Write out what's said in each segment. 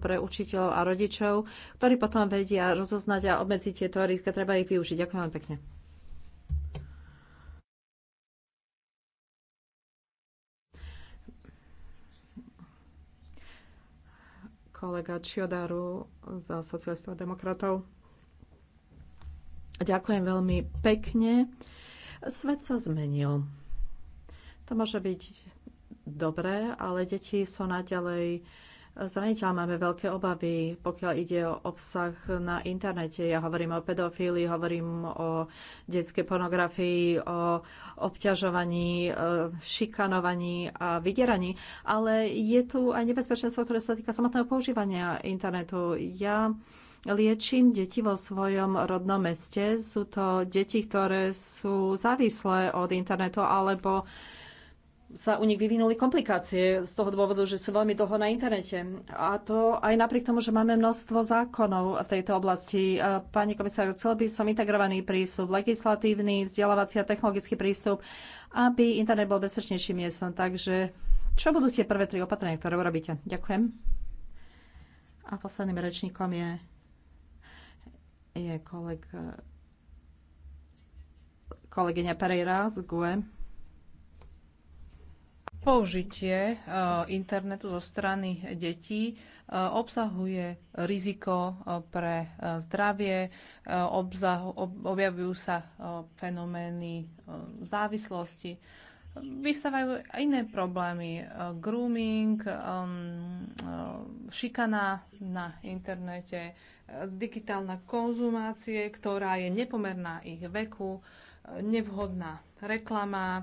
pre učiteľov a rodičov, ktorí potom vedia rozoznať a obmedziť tieto rizika. Treba ich využiť. Ďakujem vám pekne. kolega Čiodaru za socialistov a demokratov. Ďakujem veľmi pekne. Svet sa zmenil. To môže byť dobré, ale deti sú naďalej zraniteľ máme veľké obavy, pokiaľ ide o obsah na internete. Ja hovorím o pedofílii, hovorím o detskej pornografii, o obťažovaní, e, šikanovaní a vydieraní, ale je tu aj nebezpečenstvo, ktoré sa týka samotného používania internetu. Ja liečím deti vo svojom rodnom meste. Sú to deti, ktoré sú závislé od internetu alebo sa u nich vyvinuli komplikácie z toho dôvodu, že sú veľmi dlho na internete. A to aj napriek tomu, že máme množstvo zákonov v tejto oblasti. Pani komisár, chcel by som integrovaný prístup, legislatívny, vzdelávací a technologický prístup, aby internet bol bezpečnejším miestom. Takže čo budú tie prvé tri opatrenia, ktoré urobíte? Ďakujem. A posledným rečníkom je, je kolega, kolegyňa Pereira z GUE. Použitie e, internetu zo strany detí e, obsahuje riziko e, pre zdravie, objavujú sa fenomény závislosti, vystávajú iné problémy, grooming, šikana na internete, digitálna konzumácie, ktorá je nepomerná ich veku, nevhodná reklama e,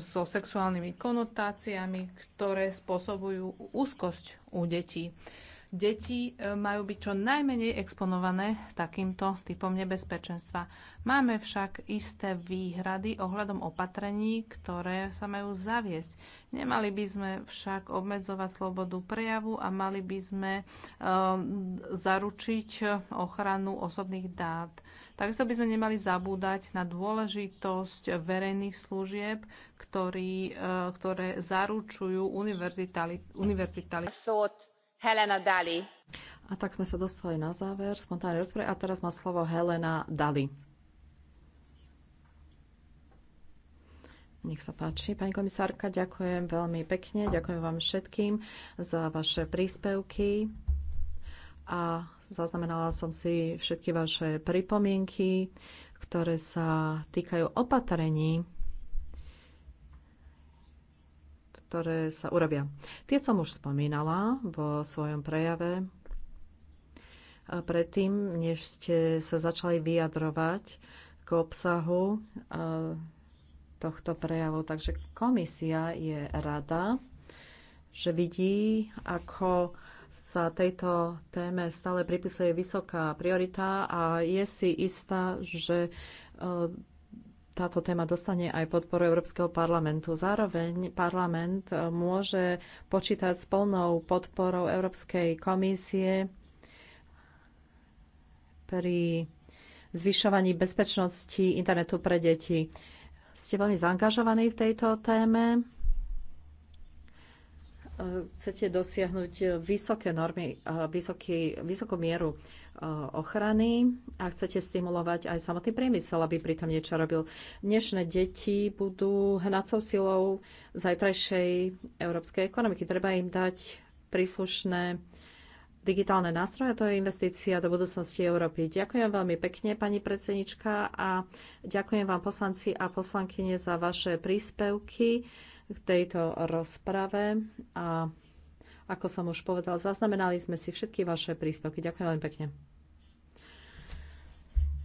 so sexuálnymi konotáciami, ktoré spôsobujú úzkosť u detí deti e, majú byť čo najmenej exponované takýmto typom nebezpečenstva. Máme však isté výhrady ohľadom opatrení, ktoré sa majú zaviesť. Nemali by sme však obmedzovať slobodu prejavu a mali by sme um, zaručiť ochranu osobných dát. Takisto by sme nemali zabúdať na dôležitosť verejných služieb, ktorý, e, ktoré zaručujú univerzitali. univerzitali. Helena Dali. A tak sme sa dostali na záver spontánnej rozpravy a teraz má slovo Helena Dali. Nech sa páči. Pani komisárka, ďakujem veľmi pekne. Ďakujem vám všetkým za vaše príspevky a zaznamenala som si všetky vaše pripomienky, ktoré sa týkajú opatrení, ktoré sa urobia. Tie som už spomínala vo svojom prejave. Predtým, než ste sa začali vyjadrovať k obsahu tohto prejavu. Takže komisia je rada, že vidí, ako sa tejto téme stále pripisuje vysoká priorita a je si istá, že táto téma dostane aj podporu Európskeho parlamentu. Zároveň parlament e, môže počítať s plnou podporou Európskej komisie pri zvyšovaní bezpečnosti internetu pre deti. Ste veľmi zaangažovaní v tejto téme chcete dosiahnuť vysoké normy, vysoký, vysokú mieru ochrany a chcete stimulovať aj samotný priemysel, aby pritom niečo robil. Dnešné deti budú hnacou silou zajtrajšej európskej ekonomiky. Treba im dať príslušné digitálne nástroje, to je investícia do budúcnosti Európy. Ďakujem veľmi pekne, pani predsednička, a ďakujem vám poslanci a poslankyne za vaše príspevky. V tejto rozprave a ako som už povedal, zaznamenali sme si všetky vaše príspevky. Ďakujem veľmi pekne.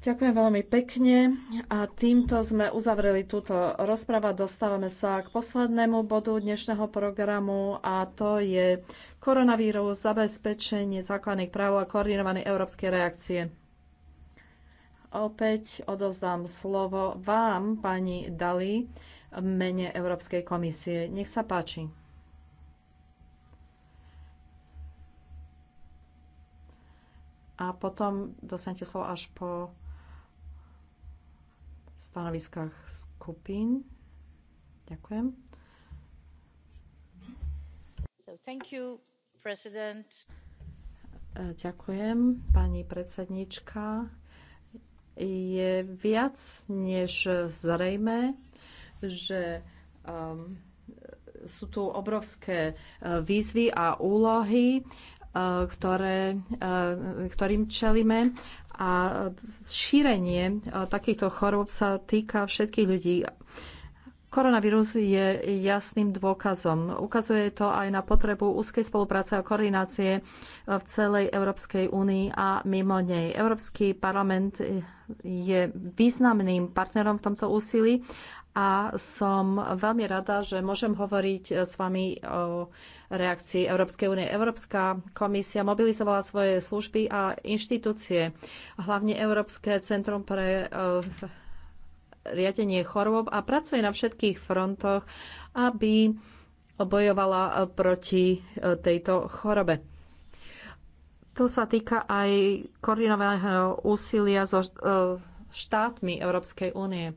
Ďakujem veľmi pekne a týmto sme uzavreli túto rozprava. Dostávame sa k poslednému bodu dnešného programu a to je koronavírus, zabezpečenie základných práv a koordinovanej európskej reakcie. Opäť odozdám slovo vám, pani Dali mene Európskej komisie. Nech sa páči. A potom dostanete slovo až po stanoviskách skupín. Ďakujem. So, thank you, president. E, ďakujem, pani predsednička. Je viac než zrejme, že um, sú tu obrovské uh, výzvy a úlohy, uh, ktoré, uh, ktorým čelíme a šírenie takýchto chorôb sa týka všetkých ľudí. Koronavírus je jasným dôkazom. Ukazuje to aj na potrebu úzkej spolupráce a koordinácie v celej Európskej únii a mimo nej. Európsky parlament je významným partnerom v tomto úsilí a som veľmi rada, že môžem hovoriť eh, s vami o reakcii Európskej únie. Európska komisia mobilizovala svoje služby a inštitúcie, hlavne Európske centrum pre eh, riadenie chorôb a pracuje na všetkých frontoch, aby bojovala eh, proti tejto chorobe. To sa týka aj koordinovaného úsilia so štátmi Európskej únie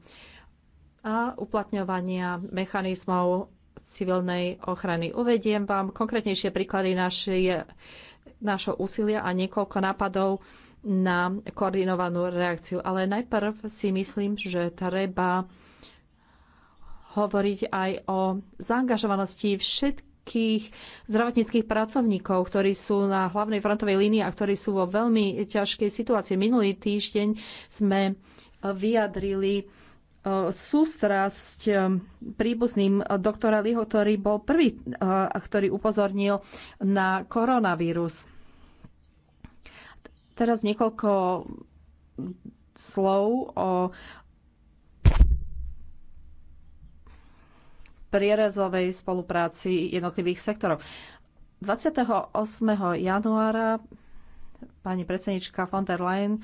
a uplatňovania mechanizmov civilnej ochrany. Uvediem vám konkrétnejšie príklady našho úsilia a niekoľko nápadov na koordinovanú reakciu. Ale najprv si myslím, že treba hovoriť aj o zaangažovanosti všetkých zdravotníckých pracovníkov, ktorí sú na hlavnej frontovej línii a ktorí sú vo veľmi ťažkej situácii. Minulý týždeň sme vyjadrili sústrasť eh, príbuzným doktora Liho, ktorý bol prvý, eh, ktorý upozornil na koronavírus. Teraz niekoľko slov o prierezovej spolupráci jednotlivých sektorov. 28. januára pani predsednička von der Leyen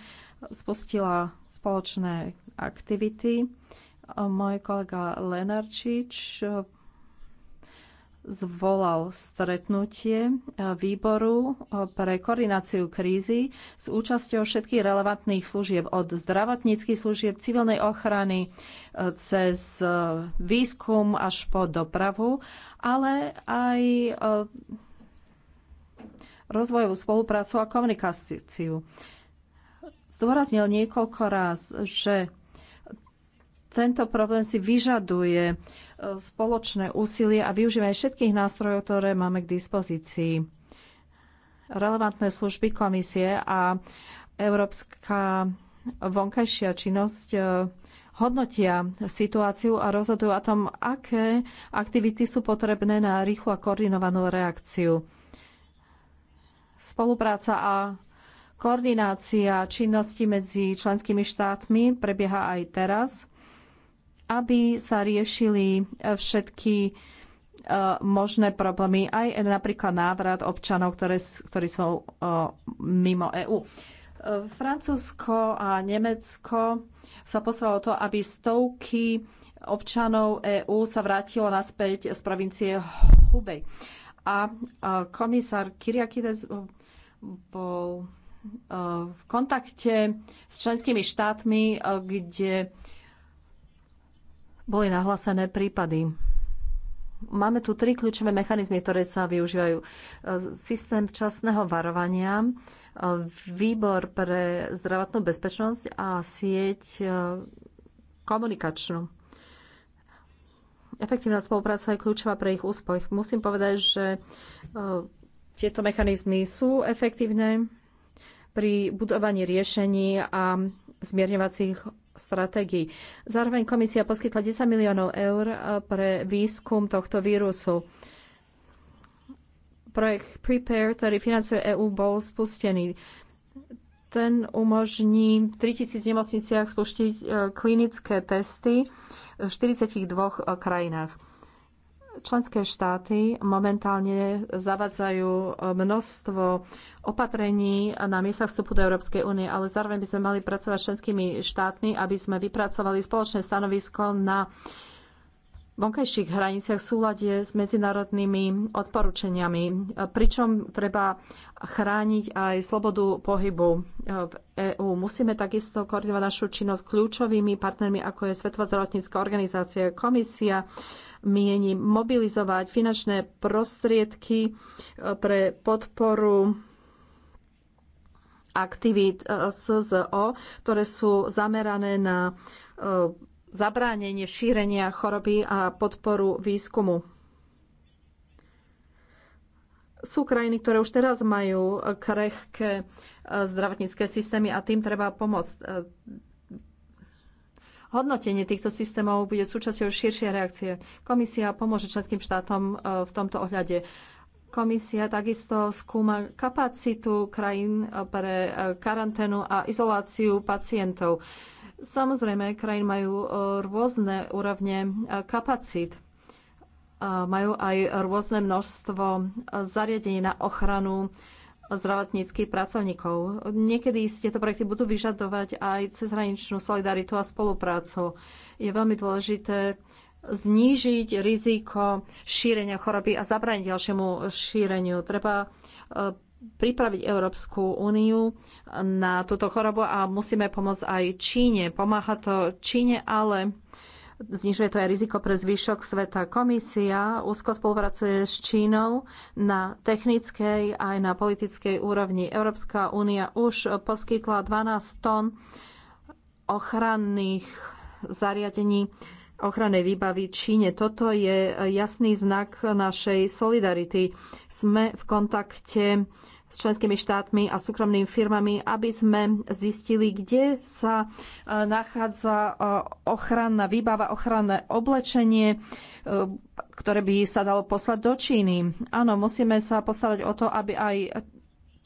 spustila spoločné aktivity. Môj kolega Lenarčič eh, zvolal stretnutie eh, výboru eh, pre koordináciu krízy s účasťou všetkých relevantných služieb od zdravotníckých služieb, civilnej ochrany cez výskum až po dopravu, ale aj rozvojovú spoluprácu a komunikáciu. Zdôraznil niekoľko raz, že tento problém si vyžaduje e, spoločné úsilie a využívanie všetkých nástrojov, ktoré máme k dispozícii. Relevantné služby komisie a Európska vonkajšia činnosť e, hodnotia situáciu a rozhodujú o tom, aké aktivity sú potrebné na rýchlu a koordinovanú reakciu. Spolupráca a koordinácia činnosti medzi členskými štátmi prebieha aj teraz aby sa riešili e, všetky e, možné problémy, aj napríklad návrat občanov, ktoré, ktorí sú e, mimo EÚ. Francúzsko a Nemecko sa postaralo o to, aby stovky občanov EÚ sa vrátilo naspäť z provincie Hubei. A komisár Kyriakides bol v kontakte s členskými štátmi, kde boli nahlásené prípady. Máme tu tri kľúčové mechanizmy, ktoré sa využívajú. E, systém včasného varovania, e, výbor pre zdravotnú bezpečnosť a sieť e, komunikačnú. Efektívna spolupráca je kľúčová pre ich úspech. Musím povedať, že tieto mechanizmy sú efektívne pri budovaní riešení a zmierňovacích stratégií. Zároveň komisia poskytla 10 miliónov eur eh, pre výskum tohto vírusu. Projekt Prepare, ktorý financuje EU, bol spustený. Ten umožní v 3000 nemocniciach spustiť eh, klinické testy v 42 eh, krajinách. Členské štáty momentálne zavadzajú e, množstvo opatrení na miestach vstupu do Európskej únie, ale zároveň by sme mali pracovať s členskými štátmi, aby sme vypracovali spoločné stanovisko na vonkajších hraniciach v súlade s medzinárodnými odporúčaniami, e, pričom treba chrániť aj slobodu pohybu e, v EÚ. Musíme takisto koordinovať našu činnosť kľúčovými partnermi, ako je Svetová zdravotnícká organizácia, komisia, mieni mobilizovať finančné prostriedky e, pre podporu aktivít e, SZO, ktoré sú zamerané na e, zabránenie šírenia choroby a podporu výskumu. Sú krajiny, ktoré už teraz majú krehké zdravotnícke systémy a tým treba pomôcť. Hodnotenie týchto systémov bude súčasťou širšej reakcie. Komisia pomôže členským štátom e, v tomto ohľade. Komisia takisto skúma kapacitu krajín e, pre e, karanténu a izoláciu pacientov. Samozrejme, krajín majú rôzne úrovne kapacít. Majú aj rôzne množstvo zariadení na ochranu zdravotníckých pracovníkov. Niekedy si tieto projekty budú vyžadovať aj cezhraničnú solidaritu a spoluprácu. Je veľmi dôležité znížiť riziko šírenia choroby a zabrániť ďalšiemu šíreniu. Treba e, pripraviť Európsku úniu na túto chorobu a musíme pomôcť aj Číne. Pomáha to Číne, ale Znižuje to aj riziko pre zvyšok sveta. Komisia úzko spolupracuje s Čínou na technickej aj na politickej úrovni. Európska únia už poskytla 12 tón ochranných zariadení ochrannej výbavy Číne. Toto je jasný znak našej solidarity. Sme v kontakte s členskými štátmi a súkromnými firmami, aby sme zistili, kde sa e, nachádza e, ochranná výbava, ochranné oblečenie, e, ktoré by sa dalo poslať do Číny. Áno, musíme sa postarať o to, aby aj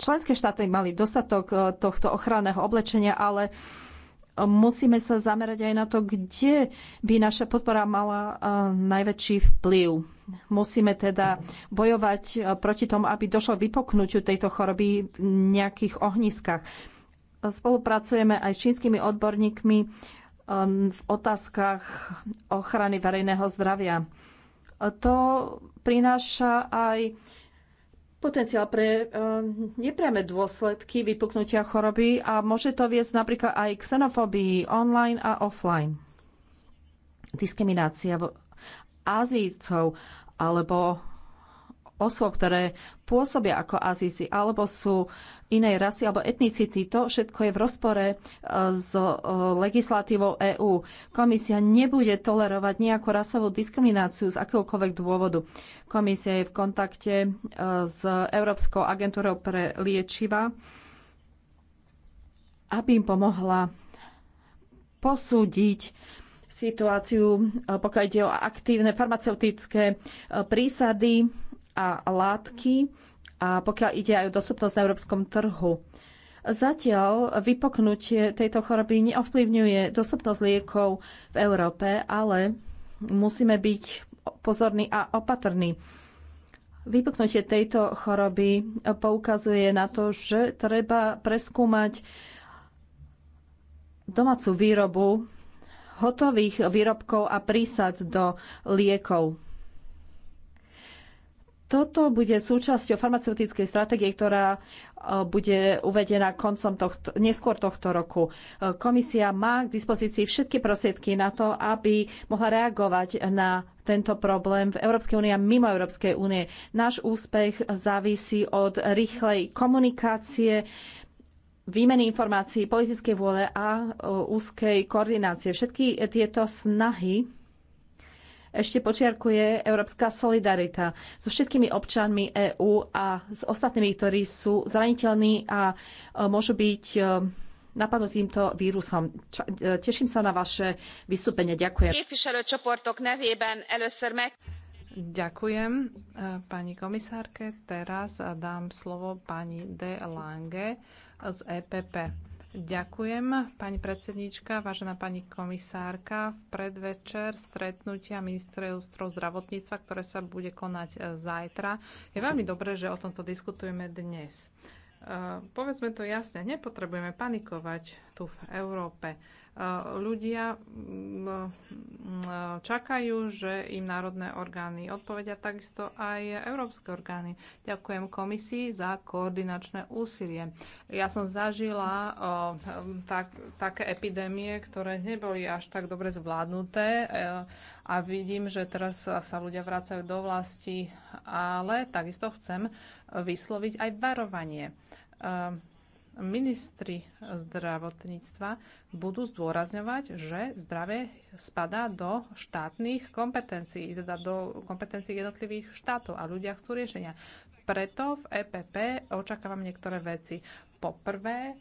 členské štáty mali dostatok tohto ochranného oblečenia, ale musíme sa zamerať aj na to, kde by naša podpora mala eh, najväčší vplyv. Musíme teda bojovať eh, proti tomu, aby došlo k vypoknutiu tejto choroby v nejakých ohniskách. Spolupracujeme aj s čínskymi odborníkmi eh, v otázkach ochrany verejného zdravia. To prináša aj potenciál pre eh, nepriame dôsledky vypuknutia choroby a môže to viesť napríklad aj k xenofóbii online a offline. Diskriminácia Ázijcov alebo osôb, ktoré pôsobia ako Azizi alebo sú inej rasy alebo etnicity. To všetko je v rozpore e, s e, legislatívou EÚ. Komisia nebude tolerovať nejakú rasovú diskrimináciu z akéhokoľvek dôvodu. Komisia je v kontakte e, s Európskou agentúrou pre liečiva, aby im pomohla posúdiť situáciu, pokiaľ ide o aktívne farmaceutické prísady a látky a pokiaľ ide aj o dostupnosť na európskom trhu. Zatiaľ vypoknutie tejto choroby neovplyvňuje dostupnosť liekov v Európe, ale musíme byť pozorní a opatrní. Vypuknutie tejto choroby poukazuje na to, že treba preskúmať domácu výrobu hotových výrobkov a prísad do liekov toto bude súčasťou farmaceutickej stratégie, ktorá e, bude uvedená koncom tohto, neskôr tohto roku. E, komisia má k dispozícii všetky prostriedky na to, aby mohla reagovať na tento problém v Európskej únie a mimo Európskej únie. Náš úspech závisí od rýchlej komunikácie, výmeny informácií, politickej vôle a e, úzkej koordinácie. Všetky tieto snahy ešte počiarkuje európska solidarita so všetkými občanmi EÚ a s ostatnými, ktorí sú zraniteľní a e, môžu byť e, napadnúť týmto vírusom. Ča, e, teším sa na vaše vystúpenie. Ďakujem. Ďakujem pani komisárke. Teraz dám slovo pani De Lange z EPP. Ďakujem, pani predsedníčka, vážená pani komisárka. V predvečer stretnutia ministrov zdravotníctva, ktoré sa bude konať e, zajtra, je veľmi dobré, že o tomto diskutujeme dnes. E, povedzme to jasne, nepotrebujeme panikovať tu v Európe ľudia mm, mm, čakajú, že im národné orgány odpovedia, takisto aj európske orgány. Ďakujem komisii za koordinačné úsilie. Ja som zažila tak, také epidémie, ktoré neboli až tak dobre zvládnuté e, a vidím, že teraz sa ľudia vracajú do vlasti, ale takisto chcem vysloviť aj varovanie. E, ministri zdravotníctva budú zdôrazňovať, že zdravie spadá do štátnych kompetencií, teda do kompetencií jednotlivých štátov a ľudia chcú riešenia. Preto v EPP očakávam niektoré veci. Po prvé,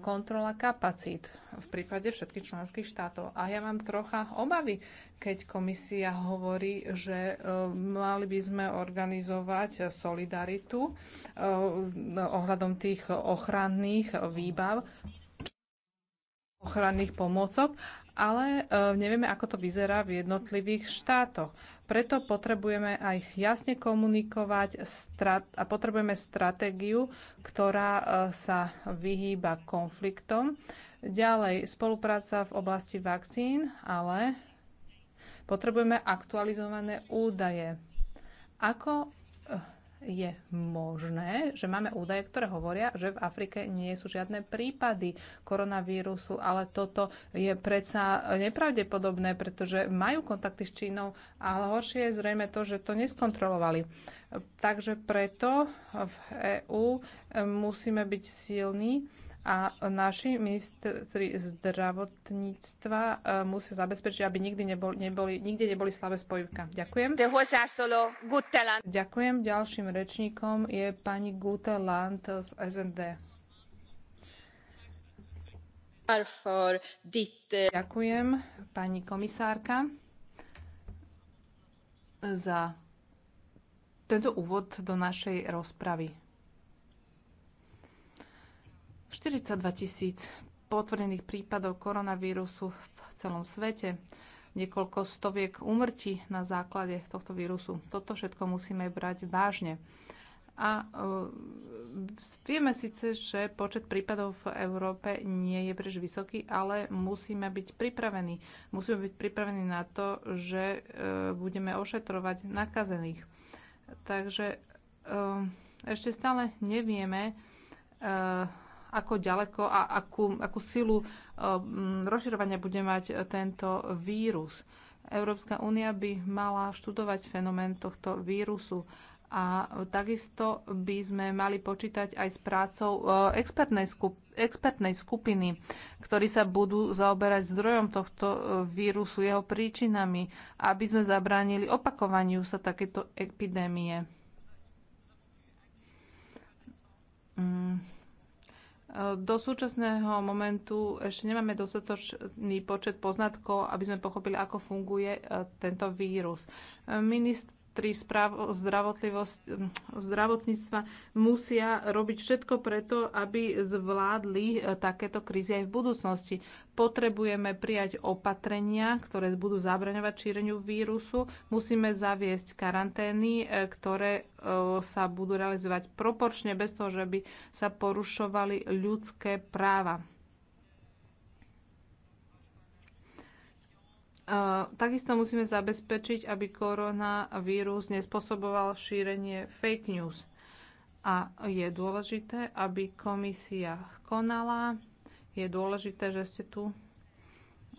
kontrola kapacít v prípade všetkých členských štátov. A ja mám trocha obavy, keď komisia hovorí, že e, mali by sme organizovať solidaritu e, ohľadom tých ochranných výbav, ochranných pomocok ale e, nevieme, ako to vyzerá v jednotlivých štátoch. Preto potrebujeme aj jasne komunikovať a potrebujeme stratégiu, ktorá e, sa vyhýba konfliktom. Ďalej spolupráca v oblasti vakcín, ale potrebujeme aktualizované údaje. Ako e, je možné, že máme údaje, ktoré hovoria, že v Afrike nie sú žiadne prípady koronavírusu, ale toto je predsa nepravdepodobné, pretože majú kontakty s Čínou, ale horšie je zrejme to, že to neskontrolovali. Takže preto v EÚ musíme byť silní a naši ministri zdravotníctva e, musia zabezpečiť, aby nikdy nebol, neboli, nikde neboli slabé spojivka. Ďakujem. Ďakujem. Ďalším rečníkom je pani Guteland z SND. Eh, Ďakujem, pani komisárka, za tento úvod do našej rozpravy. 42 tisíc potvrdených prípadov koronavírusu v celom svete, niekoľko stoviek úmrtí na základe tohto vírusu. Toto všetko musíme brať vážne. A e, vieme síce, že počet prípadov v Európe nie je príliš vysoký, ale musíme byť pripravení. Musíme byť pripravení na to, že e, budeme ošetrovať nakazených. Takže e, ešte stále nevieme, ako ďaleko a akú, akú silu eh, rozširovania bude mať tento vírus. Európska únia by mala študovať fenomén tohto vírusu a takisto by sme mali počítať aj s prácou eh, expertnej, skup expertnej skupiny, ktorí sa budú zaoberať zdrojom tohto eh, vírusu, jeho príčinami, aby sme zabránili opakovaniu sa takéto epidémie. Mm do súčasného momentu ešte nemáme dostatočný počet poznatkov, aby sme pochopili, ako funguje e, tento vírus. E, Minister ministri zdravotníctva musia robiť všetko preto, aby zvládli e, takéto krízy aj v budúcnosti. Potrebujeme prijať opatrenia, ktoré budú zabraňovať šíreniu vírusu. Musíme zaviesť karantény, e, ktoré e, sa budú realizovať proporčne, bez toho, že by sa porušovali ľudské práva Takisto musíme zabezpečiť, aby koronavírus nespôsoboval šírenie fake news. A je dôležité, aby komisia konala. Je dôležité, že ste tu,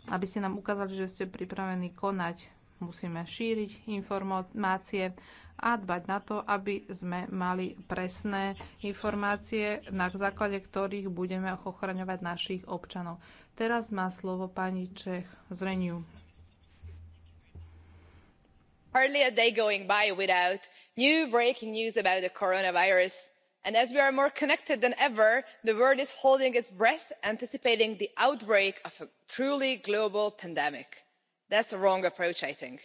aby ste nám ukázali, že ste pripravení konať. Musíme šíriť informácie a dbať na to, aby sme mali presné informácie, na základe ktorých budeme ochraňovať našich občanov. Teraz má slovo pani Čech z Reniu hardly a day going by without new breaking news about the coronavirus and as we are more connected than ever the world is holding its breath anticipating the outbreak of a truly global pandemic. that's the wrong approach i think.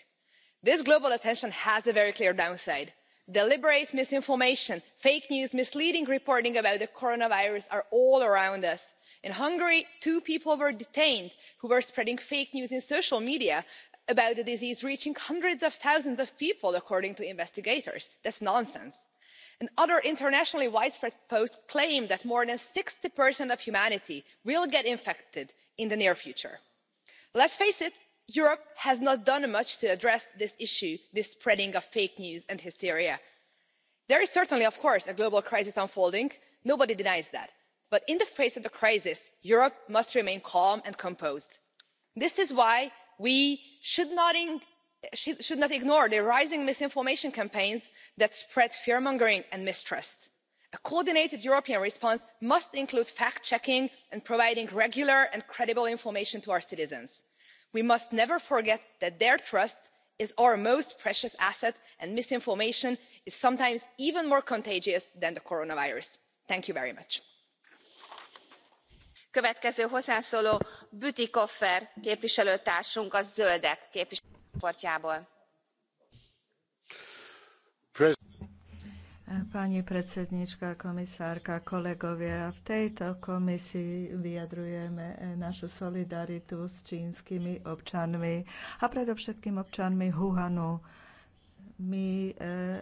this global attention has a very clear downside deliberate misinformation fake news misleading reporting about the coronavirus are all around us. in hungary two people were detained who were spreading fake news in social media about the disease reaching hundreds of thousands of people according to investigators. that's nonsense. And other internationally widespread posts claim that more than sixty of humanity will get infected in the near future. let's face it europe has not done much to address this issue this spreading of fake news and hysteria. there is certainly of course a global crisis unfolding nobody denies that but in the face of the crisis europe must remain calm and composed. this is why we should not ignore the rising misinformation campaigns that spread fear mongering and mistrust. a coordinated european response must include fact checking and providing regular and credible information to our citizens. we must never forget that their trust is our most precious asset and misinformation is sometimes even more contagious than the coronavirus. thank you very much következő hozzászóló bütikofer képviselőtársunk a zöldek képviselőcsoportjából. Pani predsedníčka, komisárka, kolegovia, v tejto komisii vyjadrujeme našu solidaritu s čínskymi občanmi a predovšetkým občanmi Wuhanu. My eh,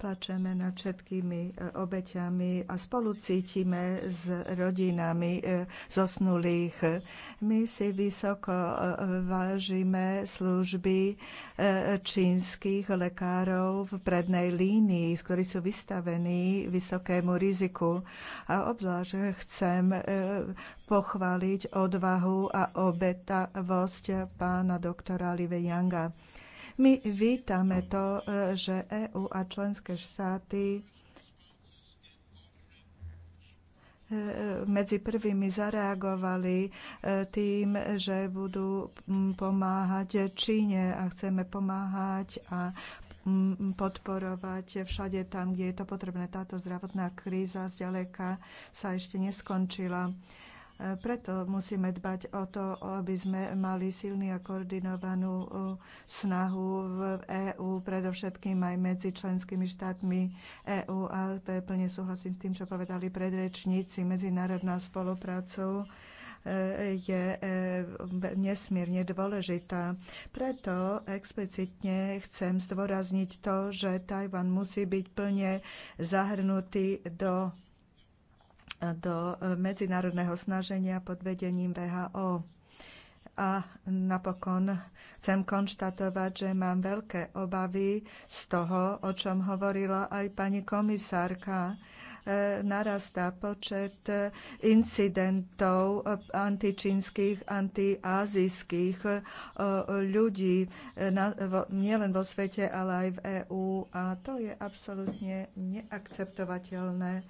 plačeme nad všetkými e, obeťami a spolu cítime s rodinami e, zosnulých. My si vysoko e, vážime služby čínskych lekárov v prednej línii, ktorí sú vystavení vysokému riziku. A obzvlášť chcem pochváliť odvahu a obetavosť pána doktora Live Yanga my vítame to, e, že EÚ a členské štáty e, medzi prvými zareagovali e, tým, že budú pomáhať Číne a chceme pomáhať a podporovať všade tam, kde je to potrebné. Táto zdravotná kríza zďaleka sa ešte neskončila. Preto musíme dbať o to, aby sme mali silný a koordinovanú uh, snahu v EÚ, predovšetkým aj medzi členskými štátmi EÚ. A plne súhlasím s tým, čo povedali predrečníci. Medzinárodná spolupráca uh, je uh, nesmierne dôležitá. Preto explicitne chcem zdôrazniť to, že Tajvan musí byť plne zahrnutý do do e, medzinárodného snaženia pod vedením VHO. A napokon chcem konštatovať, že mám veľké obavy z toho, o čom hovorila aj pani komisárka narastá počet incidentov antičínskych, antiázijských eh, ľudí eh, nielen vo svete, ale aj v EÚ a to je absolútne neakceptovateľné.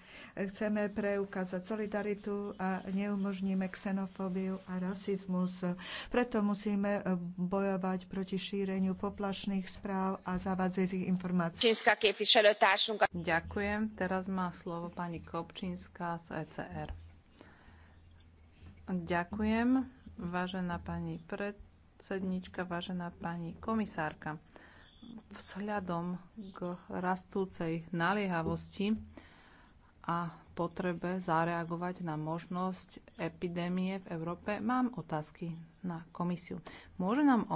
Chceme preukázať solidaritu a neumožníme xenofóbiu a rasizmus. Preto musíme eh, bojovať proti šíreniu poplašných správ a zavádzajúcich informácií. Ďakujem. Teraz má slovo pani Kopčinská z ECR. Ďakujem, vážená pani predsednička, vážená pani komisárka. Vzhľadom k rastúcej naliehavosti a potrebe zareagovať na možnosť epidémie v Európe, mám otázky na komisiu. Môže nám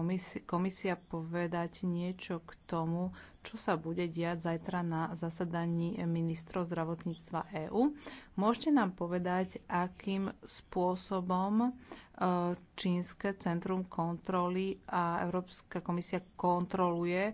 komisia povedať niečo k tomu, čo sa bude diať zajtra na zasadaní ministrov zdravotníctva EÚ. Môžete nám povedať, akým spôsobom e, Čínske centrum kontroly a Európska komisia kontroluje e,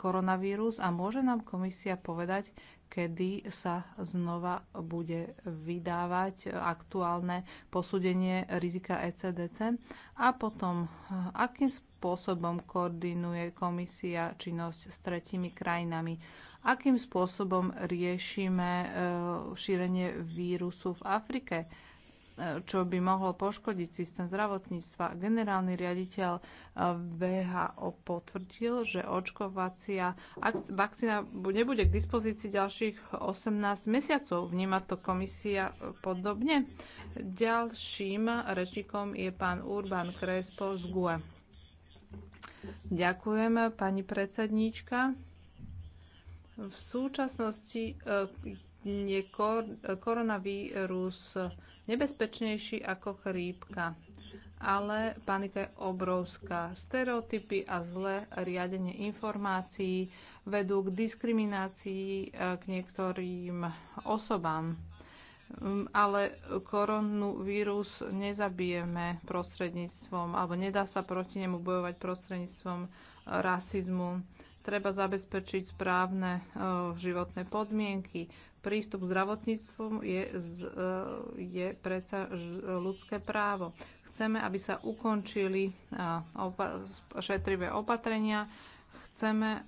koronavírus a môže nám komisia povedať, kedy sa znova bude vydávať aktuálne posúdenie rizika ECDC a potom, e, akým spôsobom spôsobom koordinuje komisia činnosť s tretimi krajinami? Akým spôsobom riešime e, šírenie vírusu v Afrike? E, čo by mohlo poškodiť systém zdravotníctva. Generálny riaditeľ e, VHO potvrdil, že očkovacia vakcína nebude k dispozícii ďalších 18 mesiacov. Vníma to komisia podobne? Ďalším rečníkom je pán Urban Krespo z GUE. Ďakujem, pani predsedníčka. V súčasnosti eh, je koronavírus nebezpečnejší ako chrípka, ale panika je obrovská. Stereotypy a zlé riadenie informácií vedú k diskriminácii eh, k niektorým osobám Mm, ale koronavírus nezabijeme prostredníctvom, alebo nedá sa proti nemu bojovať prostredníctvom e, rasizmu. Treba zabezpečiť správne e, životné podmienky. Prístup k zdravotníctvu je, e, je predsa ľudské právo. Chceme, aby sa ukončili šetrivé opatrenia. Chceme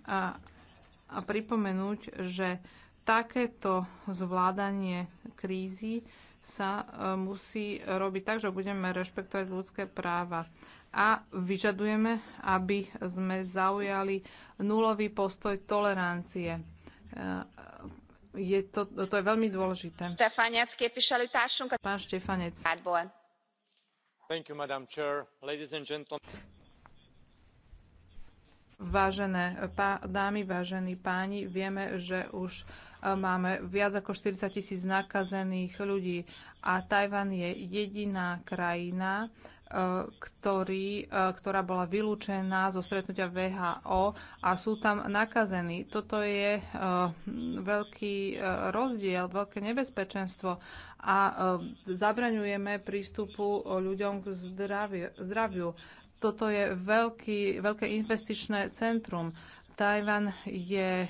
pripomenúť, že takéto zvládanie krízy sa e, musí robiť tak, že budeme rešpektovať ľudské práva. A vyžadujeme, aby sme zaujali nulový postoj tolerancie. E, je to, to je veľmi dôležité. Pán Štefanec. Thank you, Madam Chair. Ladies and gentlemen. Vážené pá, dámy, vážení páni, vieme, že už máme viac ako 40 tisíc nakazených ľudí a Tajvan je jediná krajina, e, ktorý, e, ktorá bola vylúčená zo stretnutia VHO a sú tam nakazení. Toto je e, veľký rozdiel, veľké nebezpečenstvo a zabraňujeme prístupu ľuďom k zdraviu. Toto je veľký, veľké investičné centrum. Tajvan je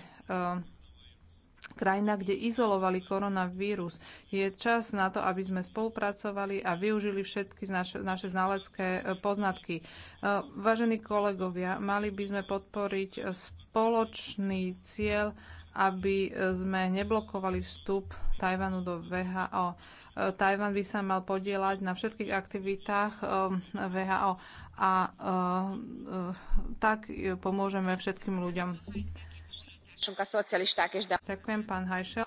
krajina, kde izolovali koronavírus. Je čas na to, aby sme spolupracovali a využili všetky naše, naše znalecké e, poznatky. E, vážení kolegovia, mali by sme podporiť spoločný cieľ, aby e, sme neblokovali vstup Tajvanu do VHO. Tajvan by sa mal podielať na všetkých aktivitách VHO a tak pomôžeme všetkým ľuďom ďakujem pán hajsel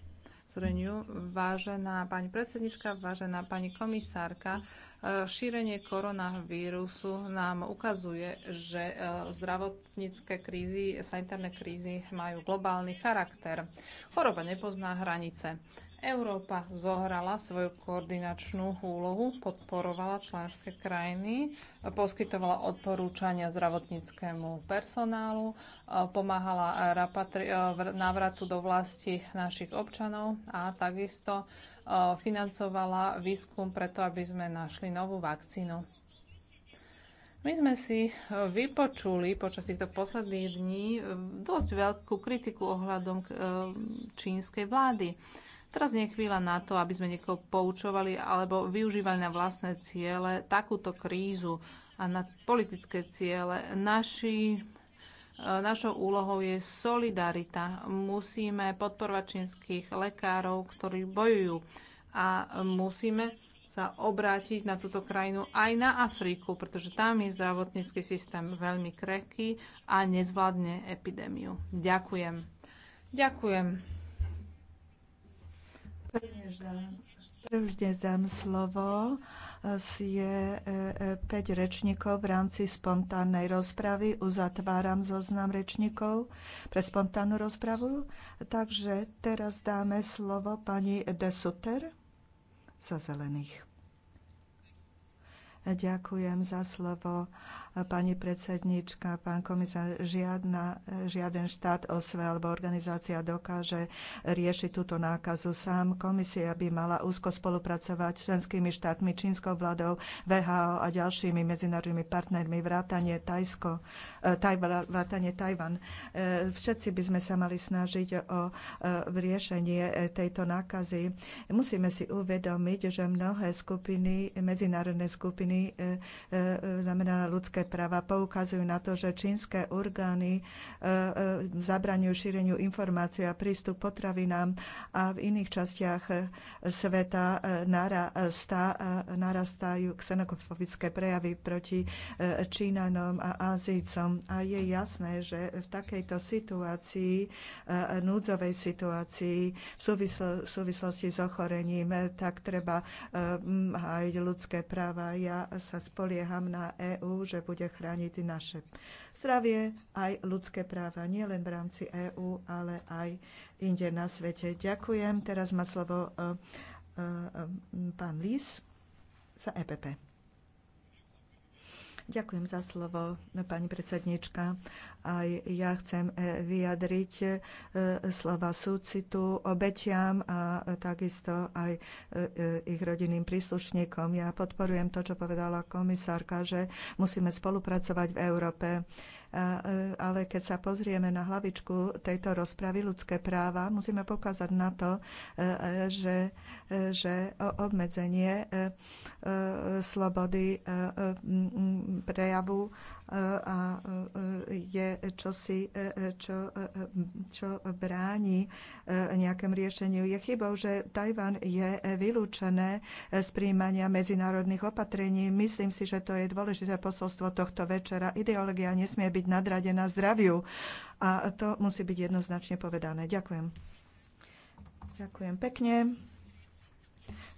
zreniu. Vážená pani predsednička, vážená pani komisárka, e, šírenie koronavírusu nám ukazuje, že e, zdravotnícke krízy, sanitárne krízy majú globálny charakter. Choroba nepozná hranice. Európa zohrala svoju koordinačnú úlohu, podporovala členské krajiny, poskytovala odporúčania zdravotníckému personálu, pomáhala návratu do vlasti našich občanov a takisto financovala výskum preto, aby sme našli novú vakcínu. My sme si vypočuli počas týchto posledných dní e, dosť veľkú kritiku ohľadom e, čínskej vlády. Teraz nie je chvíľa na to, aby sme niekoho poučovali alebo využívali na vlastné ciele takúto krízu a na politické ciele. Naši, e, našou úlohou je solidarita. Musíme podporovať čínskych lekárov, ktorí bojujú a musíme sa obrátiť na túto krajinu aj na Afriku, pretože tam je zdravotnícky systém veľmi krehký a nezvládne epidémiu. Ďakujem. Ďakujem. Prvnež dám, dám slovo e, je 5 e, e, rečníkov v rámci spontánnej rozpravy. Uzatváram zoznam rečníkov pre spontánnu rozpravu. Takže teraz dáme slovo pani Sutter za zelených. Ďakujem za slovo pani predsednička, pán komisár, žiadna, žiaden štát osve alebo organizácia dokáže riešiť túto nákazu sám. Komisia by mala úzko spolupracovať s členskými štátmi, čínskou vládou, VHO a ďalšími medzinárodnými partnermi, vrátanie, Tajsko, e, taj, vrátanie Tajvan. E, všetci by sme sa mali snažiť o e, riešenie tejto nákazy. Musíme si uvedomiť, že mnohé skupiny, medzinárodné skupiny znamená ľudské autorské práva poukazujú na to, že čínske orgány e, e, zabraňujú šíreniu informácií a prístup potravinám a v iných častiach e, sveta narastá, narastajú xenofobické prejavy proti Čínanom a Ázícom. A je jasné, že v takejto situácii, núdzovej situácii v súvislosti s ochorením, tak treba hájiť ľudské práva. Ja sa spolieham na EÚ, že bude chrániť naše zdravie aj ľudské práva, nie len v rámci EÚ, ale aj inde na svete. Ďakujem. Teraz má slovo e, e, e, pán Lís za EPP. Ďakujem za slovo, pani predsednička. Aj ja chcem e, vyjadriť e, slova súcitu obetiam a takisto aj e, ich rodinným príslušníkom. Ja podporujem to, čo povedala komisárka, že musíme spolupracovať v Európe. E, ale keď sa pozrieme na hlavičku tejto rozpravy ľudské práva, musíme pokázať na to, že, že obmedzenie slobody prejavu a e, je čosi, e, e, čo, čo bráni nejakému riešeniu. Je chybou, že Tajvan je vylúčené z príjmania medzinárodných opatrení. Myslím si, že to je dôležité posolstvo tohto večera. Ideológia nesmie byť nadradená zdraviu a to musí byť jednoznačne povedané. Ďakujem. Ďakujem pekne.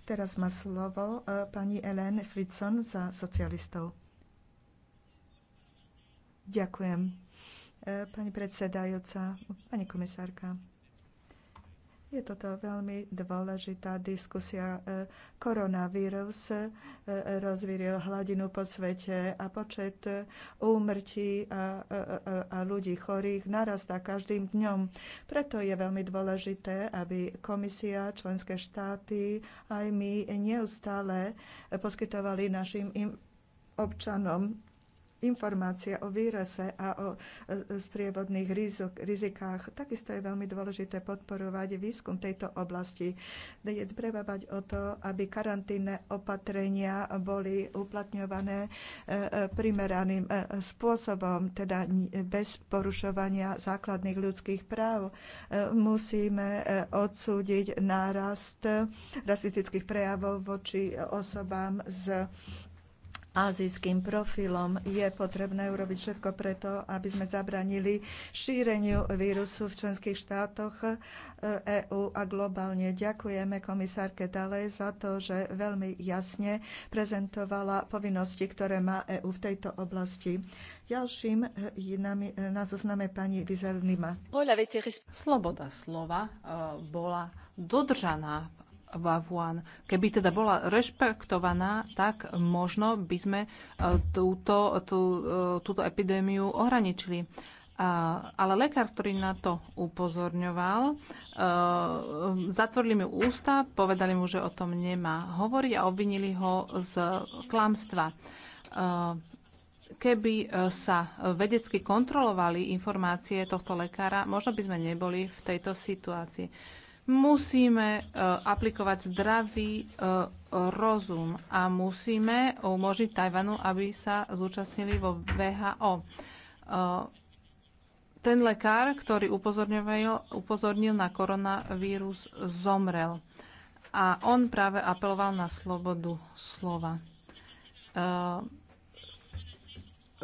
Teraz má slovo pani Ellen Fritson za socialistov. Ďakujem. E, pani predsedajúca, pani komisárka. Je toto veľmi dôležitá diskusia. E, koronavírus e, rozvíril hladinu po svete a počet úmrtí a, a, a ľudí chorých narastá každým dňom. Preto je veľmi dôležité, aby komisia, členské štáty aj my neustále poskytovali našim občanom informácia o výrese a o e, e, sprievodných rizikách. Takisto je veľmi dôležité podporovať výskum tejto oblasti. Je treba o to, aby karanténne opatrenia boli uplatňované e, primeraným spôsobom, teda bez porušovania základných ľudských práv. Musíme odsúdiť nárast rasistických prejavov voči osobám z azijským profilom. Je potrebné urobiť všetko preto, aby sme zabranili šíreniu vírusu v členských štátoch EÚ eh, e a globálne. Ďakujeme komisárke Dalej za to, že veľmi jasne prezentovala povinnosti, ktoré má EÚ v tejto oblasti. Ďalším eh, eh, na zozname pani Vizelnima. Sloboda slova bola dodržaná v Vavuan. Keby teda bola rešpektovaná, tak možno by sme e, túto, tú, e, túto epidémiu ohraničili. ale lekár, ktorý na to upozorňoval, e, zatvorili mu ústa, povedali mu, že o tom nemá hovoriť a obvinili ho z klamstva. keby sa vedecky kontrolovali informácie tohto lekára, možno by sme neboli v tejto situácii musíme e, aplikovať zdravý e, rozum a musíme umožniť Tajvanu, aby sa zúčastnili vo VHO. E, ten lekár, ktorý upozornil, upozornil na koronavírus, zomrel. A on práve apeloval na slobodu slova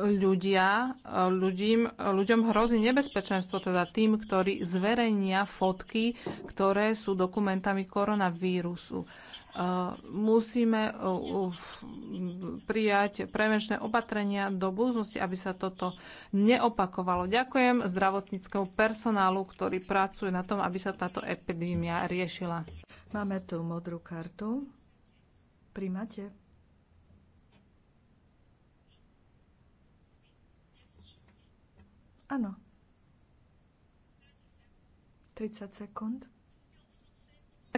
ľudia, ľudím, ľuďom hrozí nebezpečenstvo, teda tým, ktorí zverejnia fotky, ktoré sú dokumentami koronavírusu. E, musíme e, prijať prevenčné opatrenia do budúcnosti, aby sa toto neopakovalo. Ďakujem zdravotníckému personálu, ktorý pracuje na tom, aby sa táto epidémia riešila. Máme tu modrú kartu. Primáte? Áno. 30 sekúnd.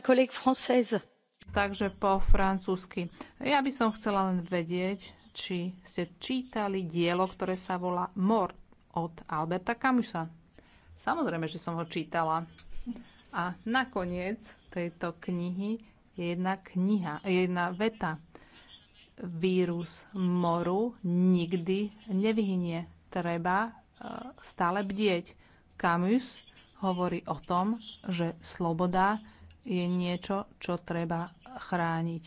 Kolik française. Takže po francúzsky. Ja by som chcela len vedieť, či ste čítali dielo, ktoré sa volá Mor od Alberta Camusa. Samozrejme, že som ho čítala. A nakoniec tejto knihy je jedna kniha, jedna veta. Vírus moru nikdy nevyhynie. Treba stále bdieť. Camus hovorí o tom, že sloboda je niečo, čo treba chrániť.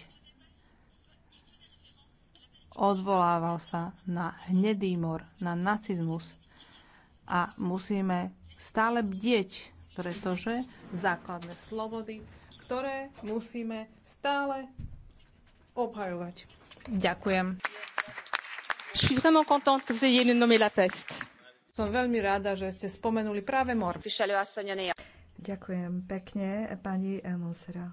Odvolával sa na hnedý mor, na nacizmus a musíme stále bdieť, pretože základné slobody, ktoré musíme stále obhajovať. Ďakujem. Je suis vraiment contente que vous ayez nommé la peste. Som veľmi rada, že ste spomenuli práve mor. Ďakujem pekne, pani Musera.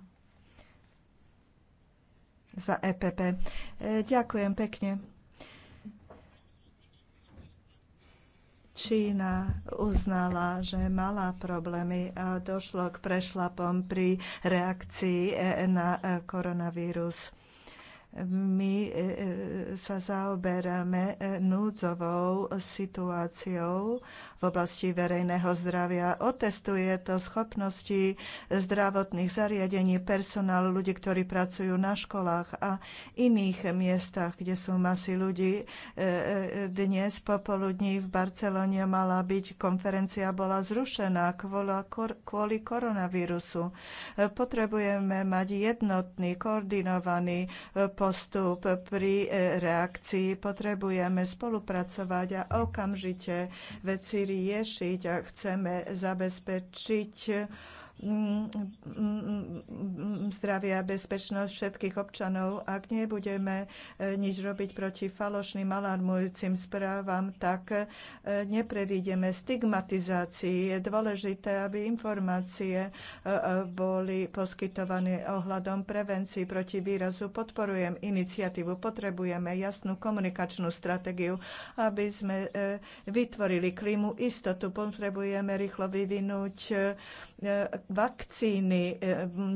Za EPP. E, ďakujem pekne. Čína uznala, že mala problémy a došlo k prešlapom pri reakcii e, na e, koronavírus my e, e, sa zaoberáme e, núdzovou situáciou v oblasti verejného zdravia. Otestuje to schopnosti zdravotných zariadení, personálu, ľudí, ktorí pracujú na školách a iných miestach, kde sú masy ľudí. E, e, dnes popoludní v Barcelone mala byť konferencia, bola zrušená kvôli koronavírusu. E, potrebujeme mať jednotný, koordinovaný postup pri reakcii. Potrebujeme spolupracovať a okamžite veci riešiť a chceme zabezpečiť Mm, mm, zdravia a bezpečnosť všetkých občanov. Ak nebudeme e, nič robiť proti falošným alarmujúcim správam, tak e, neprevídeme stigmatizácii. Je dôležité, aby informácie e, boli poskytované ohľadom prevencii proti výrazu. Podporujem iniciatívu, potrebujeme jasnú komunikačnú stratégiu, aby sme vytvorili klímu istotu. Potrebujeme rýchlo vyvinúť vakcíny.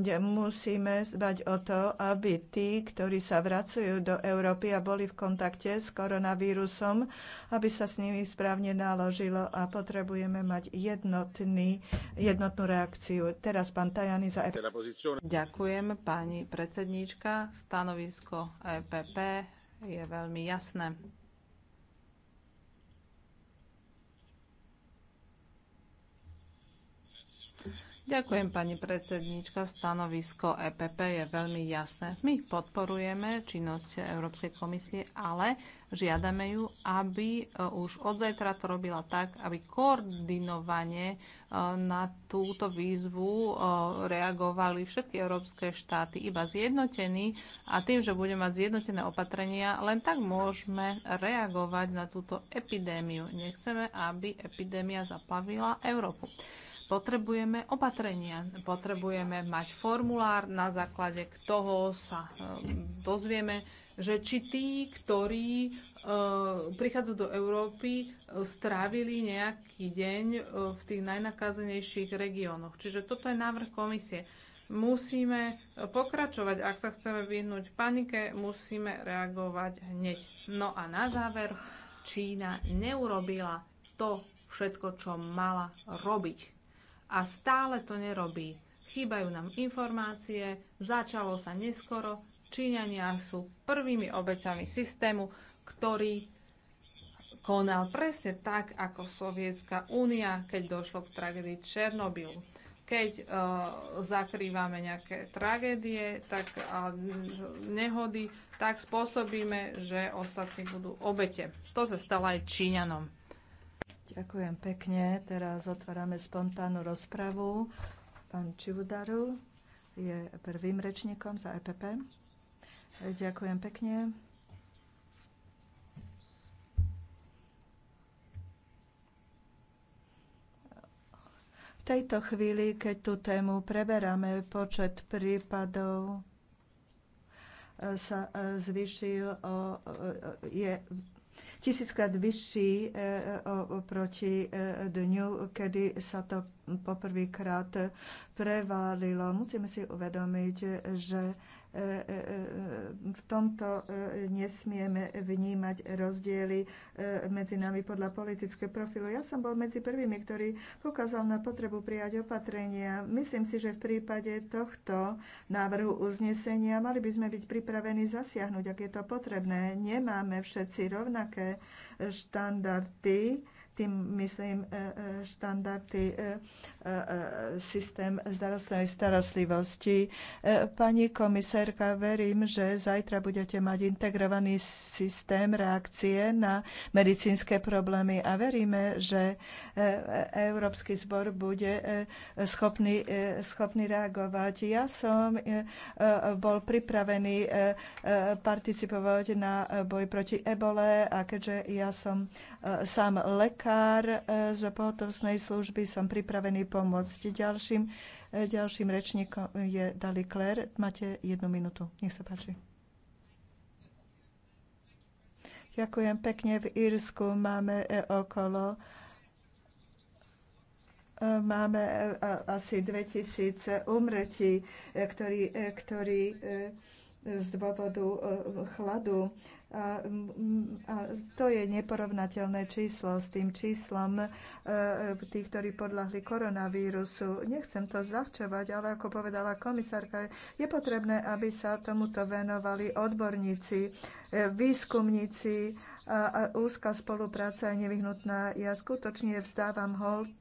E, musíme zbať o to, aby tí, ktorí sa vracujú do Európy a boli v kontakte s koronavírusom, aby sa s nimi správne naložilo a potrebujeme mať jednotný, jednotnú reakciu. Teraz pán Tajani za EPP. Ďakujem pani predsedníčka. Stanovisko EPP je veľmi jasné. Ďakujem, pani predsedníčka. Stanovisko EPP je veľmi jasné. My podporujeme činnosť Európskej komisie, ale žiadame ju, aby e, už od zajtra to robila tak, aby koordinovane e, na túto výzvu e, reagovali všetky európske štáty iba zjednotení a tým, že budeme mať zjednotené opatrenia, len tak môžeme reagovať na túto epidémiu. Nechceme, aby epidémia zaplavila Európu. Potrebujeme opatrenia, potrebujeme mať formulár, na základe toho sa e, dozvieme, že či tí, ktorí e, prichádzajú do Európy, e, strávili nejaký deň v tých najnakazenejších regiónoch. Čiže toto je návrh komisie musíme pokračovať. Ak sa chceme vyhnúť panike, musíme reagovať hneď. No a na záver, Čína neurobila to všetko, čo mala robiť a stále to nerobí. Chýbajú nám informácie, začalo sa neskoro, Číňania sú prvými obeťami systému, ktorý konal presne tak, ako Sovietská únia, keď došlo k tragédii Černobylu. Keď uh, zakrývame nejaké tragédie tak, uh, nehody, tak spôsobíme, že ostatní budú obete. To sa stalo aj Číňanom. Ďakujem pekne. Teraz otvárame spontánnu rozpravu. Pán Čivudaru je prvým rečníkom za EPP. Ďakujem pekne. V tejto chvíli, keď tú tému preberáme, počet prípadov e, sa e, zvýšil, o, e, je tisíckrát vyšší e, e, oproti e, dňu, kedy sa to poprvýkrát prevalilo. Musíme si uvedomiť, že E, e, e, v tomto nesmieme vnímať rozdiely medzi nami podľa politické profilu. Ja som bol medzi prvými, ktorý ukázal na potrebu prijať opatrenia. Myslím si, že v prípade tohto návrhu uznesenia mali by sme byť pripravení zasiahnuť, ak je to potrebné. Nemáme všetci rovnaké štandardy tým myslím e, e, štandardy e, systém zdravotnej starostlivosti. Pani komisárka, verím, že zajtra budete mať integrovaný systém reakcie na medicínske problémy a veríme, že Európsky zbor bude schopný, schopný reagovať. Ja som bol pripravený participovať na boj proti ebole a keďže ja som sám lekár, lekár e, z pohotovstnej služby. Som pripravený pomôcť. Ďalším, e, ďalším rečníkom je Dali Kler. Máte jednu minútu. Nech sa páči. Ďakujem pekne. V Írsku máme e, okolo máme asi 2000 umretí, ktorí, ktorí z dôvodu chladu a, a to je neporovnateľné číslo s tým číslom e, e, tých, ktorí podľahli koronavírusu. Nechcem to zľahčovať, ale ako povedala komisárka, je potrebné, aby sa tomuto venovali odborníci, e, výskumníci. A úzka spolupráca je nevyhnutná. Ja skutočne vzdávam hold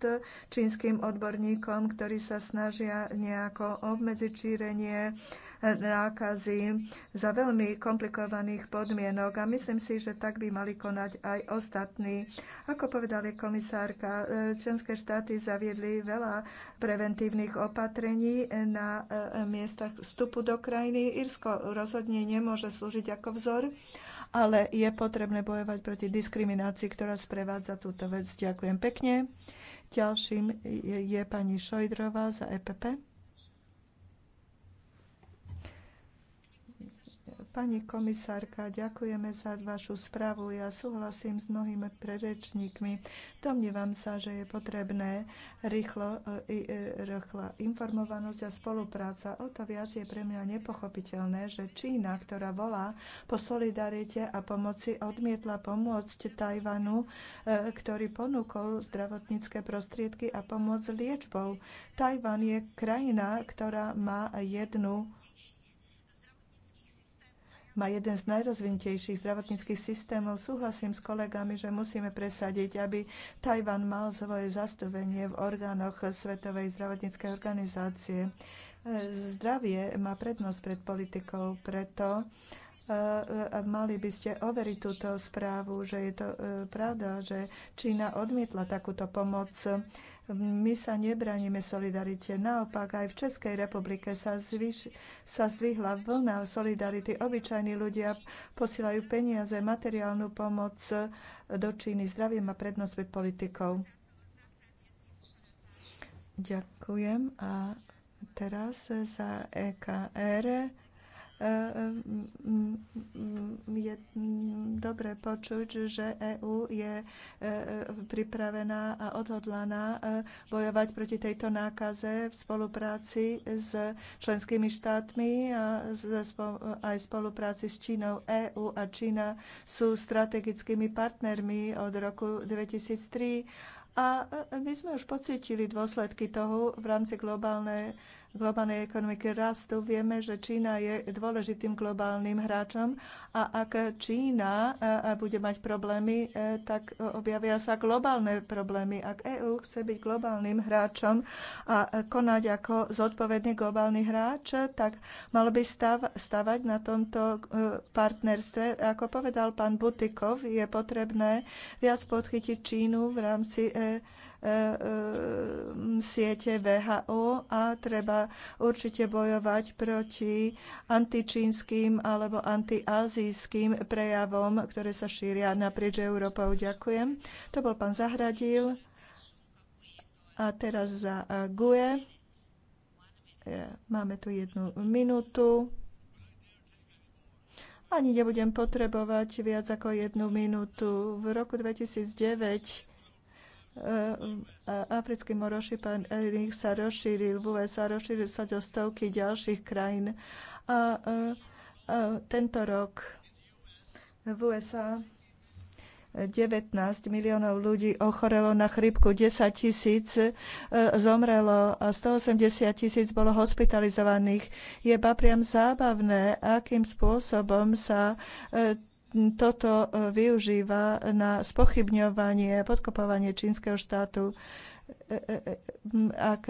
čínskym odborníkom, ktorí sa snažia nejako obmedziť šírenie nákazy za veľmi komplikovaných podmienok podmienok a myslím si, že tak by mali konať aj ostatní. Ako povedali komisárka, e, členské štáty zaviedli veľa preventívnych opatrení na e, miestach vstupu do krajiny. Irsko rozhodne nemôže slúžiť ako vzor, ale je potrebné bojovať proti diskriminácii, ktorá sprevádza túto vec. Ďakujem pekne. Ďalším je pani Šojdrová za EPP. Pani komisárka, ďakujeme za vašu správu. Ja súhlasím s mnohými predrečníkmi. Domnievam sa, že je potrebné rýchlo, e, e, rýchla informovanosť a spolupráca. O to viac je pre mňa nepochopiteľné, že Čína, ktorá volá po solidarite a pomoci, odmietla pomôcť Tajvanu, e, ktorý ponúkol zdravotnícke prostriedky a pomoc liečbou. Tajvan je krajina, ktorá má jednu má jeden z najrozvinutejších zdravotníckých systémov. Súhlasím s kolegami, že musíme presadiť, aby Tajvan mal svoje zastúpenie v orgánoch Svetovej zdravotníckej organizácie. Zdravie má prednosť pred politikou, preto eh, mali by ste overiť túto správu, že je to eh, pravda, že Čína odmietla takúto pomoc my sa nebraníme solidarite. Naopak, aj v Českej republike sa, zvyš, sa zdvihla vlna solidarity. Obyčajní ľudia posílajú peniaze, materiálnu pomoc do Číny. zdravím a prednosť pred politikou. Ďakujem. A teraz za EKR E, e, je dobre počuť, že EÚ je e, pripravená a odhodlaná bojovať proti tejto nákaze v spolupráci s členskými štátmi a aj v spolupráci s Čínou. EÚ a Čína sú strategickými partnermi od roku 2003 a my sme už pocítili dôsledky toho v rámci globálnej globálnej ekonomiky rastu. Vieme, že Čína je dôležitým globálnym hráčom a ak Čína bude mať problémy, e, tak objavia sa globálne problémy. Ak EÚ chce byť globálnym hráčom a konať ako zodpovedný globálny hráč, tak malo by stav, stavať na tomto e, partnerstve. Ako povedal pán Butikov, je potrebné viac podchytiť Čínu v rámci e, E, e, siete VHO a treba určite bojovať proti antičínskym alebo antiazijským prejavom, ktoré sa šíria naprieč Európou. Ďakujem. To bol pán Zahradil. A teraz za e, GUE. Máme tu jednu minútu. Ani nebudem potrebovať viac ako jednu minútu. V roku 2009 E, e, africký morošipanik sa rozšíril, v USA rozšíril sa do stovky ďalších krajín. A, a, e, a tento rok v USA 19 miliónov ľudí ochorelo na chrypku, 10 tisíc zomrelo a 180 tisíc bolo hospitalizovaných. Je priam zábavné, akým spôsobom sa toto e, využíva na spochybňovanie a podkopovanie čínskeho štátu e, e, ak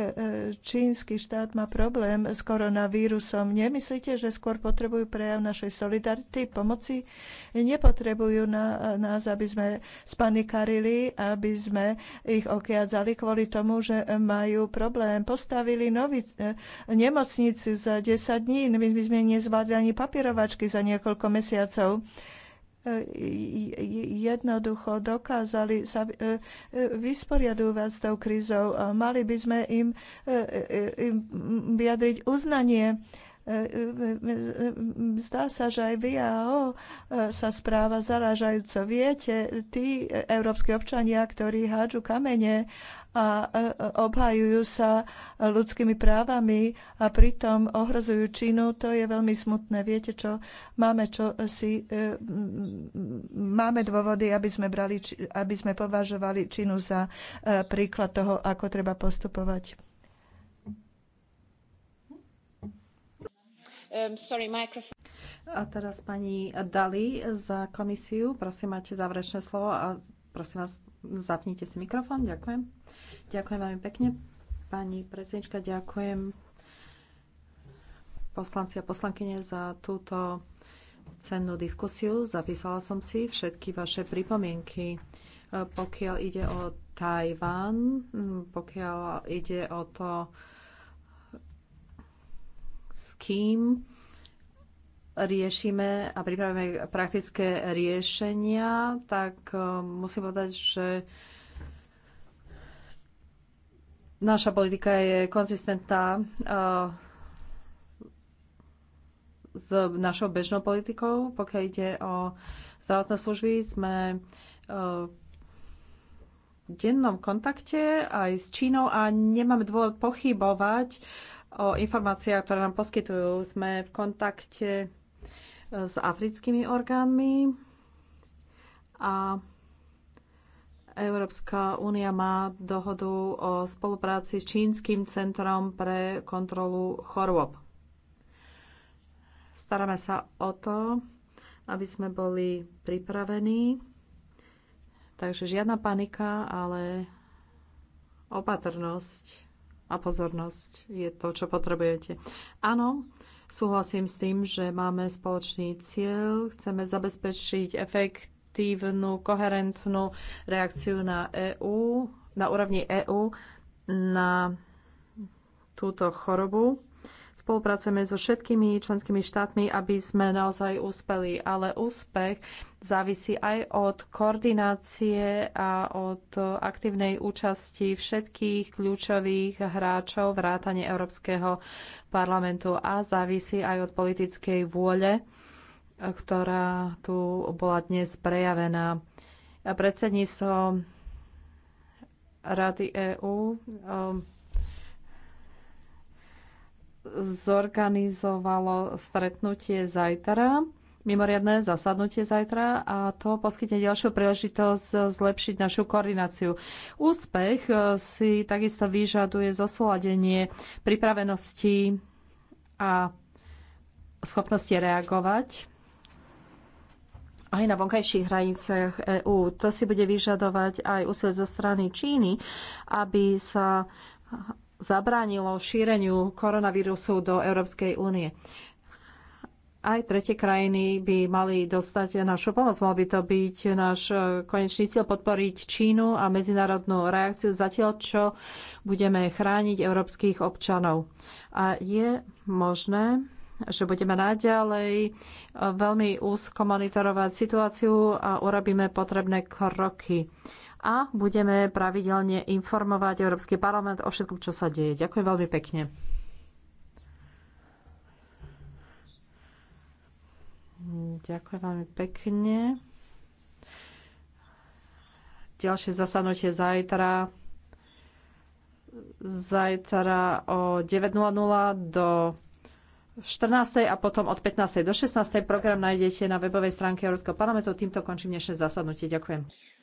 čínsky štát má problém s koronavírusom, nemyslíte, že skôr potrebujú prejav našej solidarity, pomoci? Nepotrebujú na, nás, aby sme spanikarili, aby sme ich okiadzali kvôli tomu, že majú problém. Postavili nový nemocnicu za 10 dní, my sme nezvládli ani papierovačky za niekoľko mesiacov E, e, jednoducho dokázali sa e, vysporiadúvať s tou krízou. Mali by sme im, im vyjadriť uznanie Zdá sa, že aj VAO e, sa správa zaražajúco. Viete, tí európsky občania, ktorí hádžu kamene a e, obhajujú sa ľudskými právami a pritom ohrozujú Čínu, to je veľmi smutné. Viete čo, máme, čo si, e, máme dôvody, aby sme, brali, aby sme považovali Čínu za príklad toho, ako treba postupovať. Um, a teraz pani Dali za komisiu. Prosím, máte záverečné slovo a prosím vás, zapnite si mikrofón. Ďakujem. Ďakujem veľmi pekne. Pani predsednička, ďakujem poslanci a poslankyne za túto cennú diskusiu. Zapísala som si všetky vaše pripomienky. Pokiaľ ide o Tajván, pokiaľ ide o to, kým riešime a pripravíme praktické riešenia, tak eh, musím povedať, že naša politika je konzistentná eh, s našou bežnou politikou. Pokiaľ ide o zdravotné služby, sme eh, v dennom kontakte aj s Čínou a nemáme dôvod pochybovať o informáciách, ktoré nám poskytujú. Sme v kontakte eh, s africkými orgánmi a Európska únia má dohodu o spolupráci s Čínskym centrom pre kontrolu chorôb. Staráme sa o to, aby sme boli pripravení. Takže žiadna panika, ale opatrnosť a pozornosť je to, čo potrebujete. Áno, súhlasím s tým, že máme spoločný cieľ, chceme zabezpečiť efektívnu, koherentnú reakciu na EÚ, na úrovni EÚ na túto chorobu spolupracujeme so všetkými členskými štátmi, aby sme naozaj úspeli. Ale úspech závisí aj od koordinácie a od aktívnej účasti všetkých kľúčových hráčov vrátane Európskeho parlamentu a závisí aj od politickej vôle, ktorá tu bola dnes prejavená. Predsedníctvo Rady EÚ zorganizovalo stretnutie zajtra, mimoriadne zasadnutie zajtra a to poskytne ďalšiu príležitosť zlepšiť našu koordináciu. Úspech eh, si takisto vyžaduje zosúladenie pripravenosti a schopnosti reagovať aj na vonkajších hranicách EÚ. To si bude vyžadovať aj úsled zo strany Číny, aby sa zabránilo šíreniu koronavírusu do Európskej únie. Aj tretie krajiny by mali dostať našu pomoc. Mal by to byť náš e, konečný cieľ podporiť Čínu a medzinárodnú reakciu zatiaľ, čo budeme chrániť európskych občanov. A je možné, že budeme naďalej e, veľmi úzko monitorovať situáciu a urobíme potrebné kroky a budeme pravidelne informovať Európsky parlament o všetkom, čo sa deje. Ďakujem veľmi pekne. Ďakujem veľmi pekne. Ďalšie zasadnutie zajtra. Zajtra o 9.00 do 14. a potom od 15. do 16. program nájdete na webovej stránke Európskeho parlamentu. Týmto končím dnešné zasadnutie. Ďakujem.